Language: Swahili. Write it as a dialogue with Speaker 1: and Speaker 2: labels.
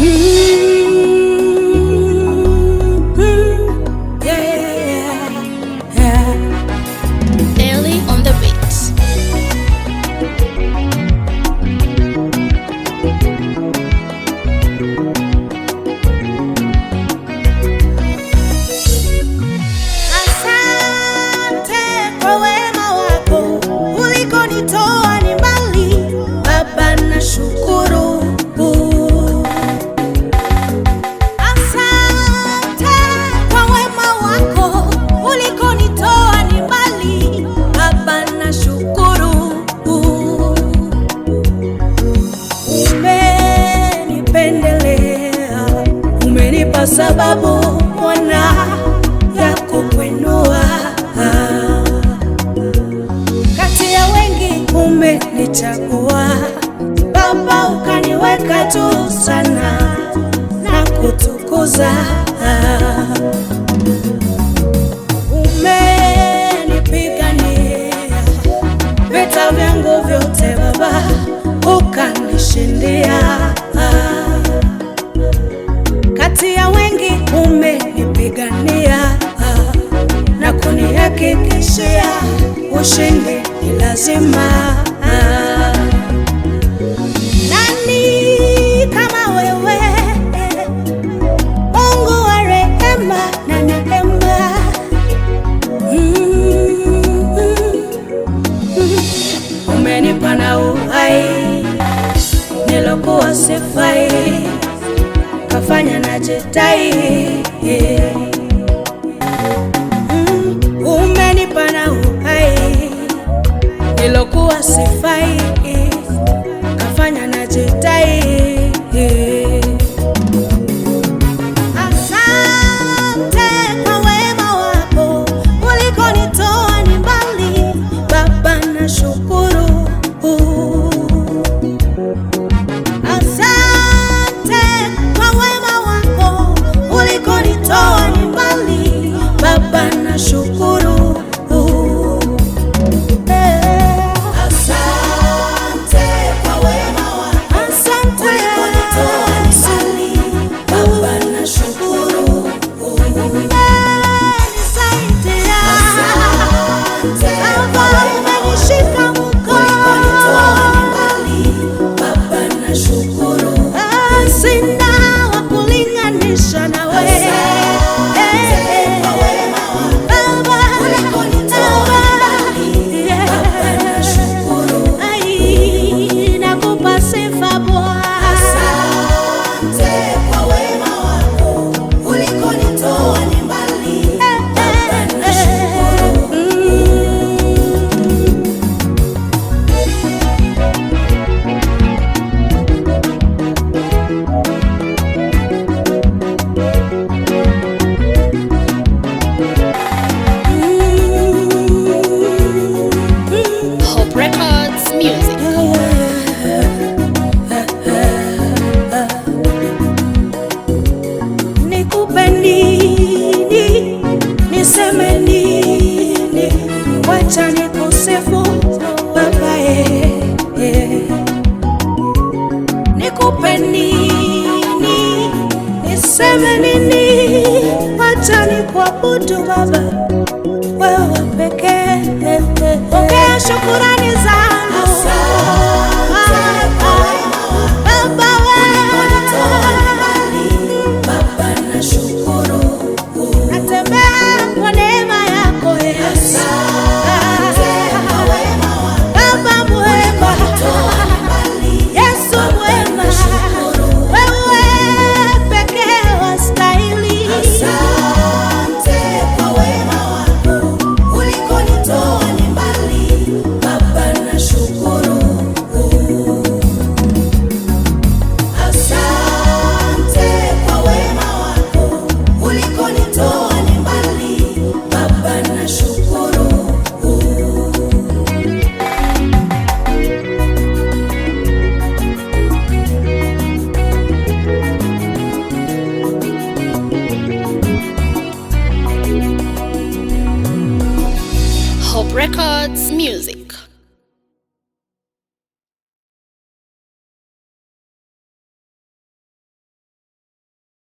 Speaker 1: you kwa sababu mwana ya kukwinua kati ya wengi, umenichagua Baba, ukaniweka juu sana na kutukuza upende ni lazima. Nani kama wewe, Mungu wa rehema na neema. Mm-hmm. Umenipa na uhai nilokuwa sifai, kafanya na jitai 收获。acha nikusifu Baba ye, ye. Nikupe nini niseme nini, acha nikuabudu Baba wewe pekee, pokea shukurani za
Speaker 2: Records Music.